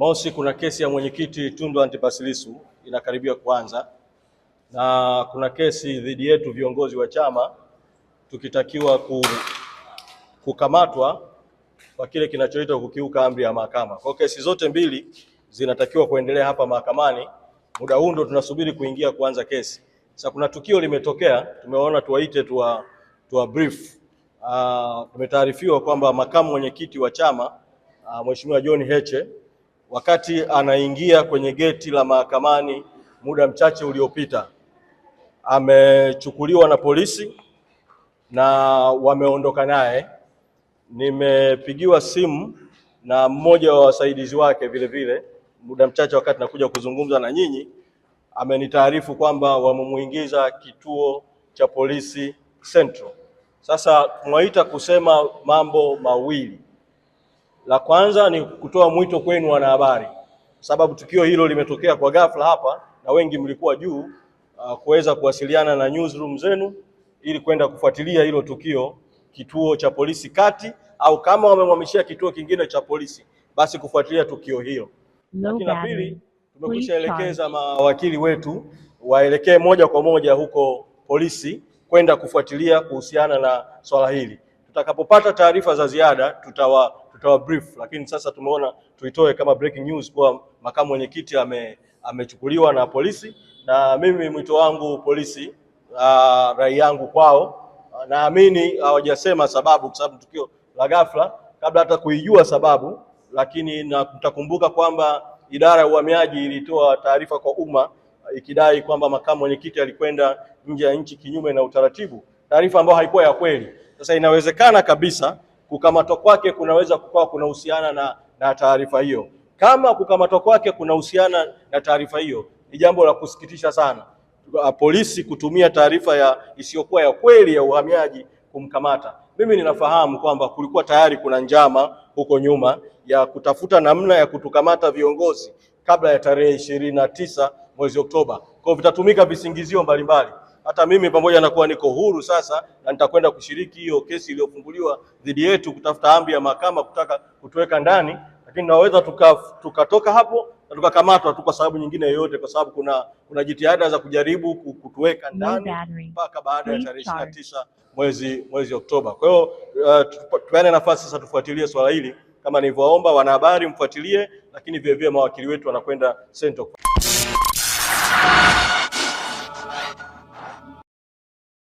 Mosi, kuna kesi ya mwenyekiti Tundu Antipas Lissu inakaribia kuanza na kuna kesi dhidi yetu viongozi wa chama tukitakiwa ku, kukamatwa kwa kile kinachoitwa kukiuka amri ya mahakama. Kwa kesi zote mbili zinatakiwa kuendelea hapa mahakamani, muda huu ndo tunasubiri kuingia kuanza kesi. Sasa kuna tukio limetokea, tumeona tuwaite tuwa, tuwa brief. Uh, tumetaarifiwa kwamba makamu mwenyekiti wa chama uh, Mheshimiwa John Heche wakati anaingia kwenye geti la mahakamani muda mchache uliopita, amechukuliwa na polisi na wameondoka naye. Nimepigiwa simu na mmoja wa wasaidizi wake vile vile muda mchache wakati nakuja kuzungumza na nyinyi, amenitaarifu kwamba wamemuingiza kituo cha polisi Central. Sasa tunaita kusema mambo mawili. La kwanza ni kutoa mwito kwenu wanahabari, sababu tukio hilo limetokea kwa ghafla hapa na wengi mlikuwa juu uh, kuweza kuwasiliana na newsroom zenu ili kwenda kufuatilia hilo tukio kituo cha polisi kati, au kama wamemhamishia kituo kingine cha polisi, basi kufuatilia tukio hilo. Lakini la pili, tumekushaelekeza mawakili wetu waelekee moja kwa moja huko polisi kwenda kufuatilia kuhusiana na swala hili. Tutakapopata taarifa za ziada tutawa kutoa brief, lakini sasa tumeona tuitoe kama breaking news kwa makamu mwenyekiti ame, amechukuliwa na polisi, na mimi mwito wangu polisi, uh, rai yangu kwao, uh, naamini hawajasema uh, sababu, kwa sababu tukio la ghafla kabla hata kuijua sababu, lakini na kwamba idara ya uhamiaji ilitoa taarifa kwa umma ikidai kwamba makamu mwenyekiti alikwenda nje ya nchi kinyume na utaratibu, taarifa ambayo haikuwa ya kweli. Sasa inawezekana kabisa kukamatwa kwake kunaweza kukawa kunahusiana na, na taarifa hiyo. Kama kukamatwa kwake kunahusiana na taarifa hiyo, ni jambo la kusikitisha sana ah, polisi kutumia taarifa ya isiyokuwa ya kweli ya uhamiaji kumkamata. Mimi ninafahamu kwamba kulikuwa tayari kuna njama huko nyuma ya kutafuta namna ya kutukamata viongozi kabla ya tarehe ishirini na tisa mwezi Oktoba. Kwa hiyo vitatumika visingizio mbalimbali hata mimi pamoja na kuwa niko huru sasa na nitakwenda kushiriki hiyo kesi iliyofunguliwa dhidi yetu kutafuta amri ya mahakama kutaka kutuweka ndani, lakini naweza tukatoka tuka hapo na tukakamatwa tu kwa sababu nyingine yoyote, kwa sababu kuna, kuna jitihada za kujaribu kutuweka ndani mpaka baada ya tarehe ishirini na tisa mwezi, mwezi Oktoba. Kwa hiyo uh, tupeane nafasi sasa tufuatilie swala hili kama nilivyoomba, wanahabari mfuatilie, lakini vilevile mawakili wetu wanakwenda Central.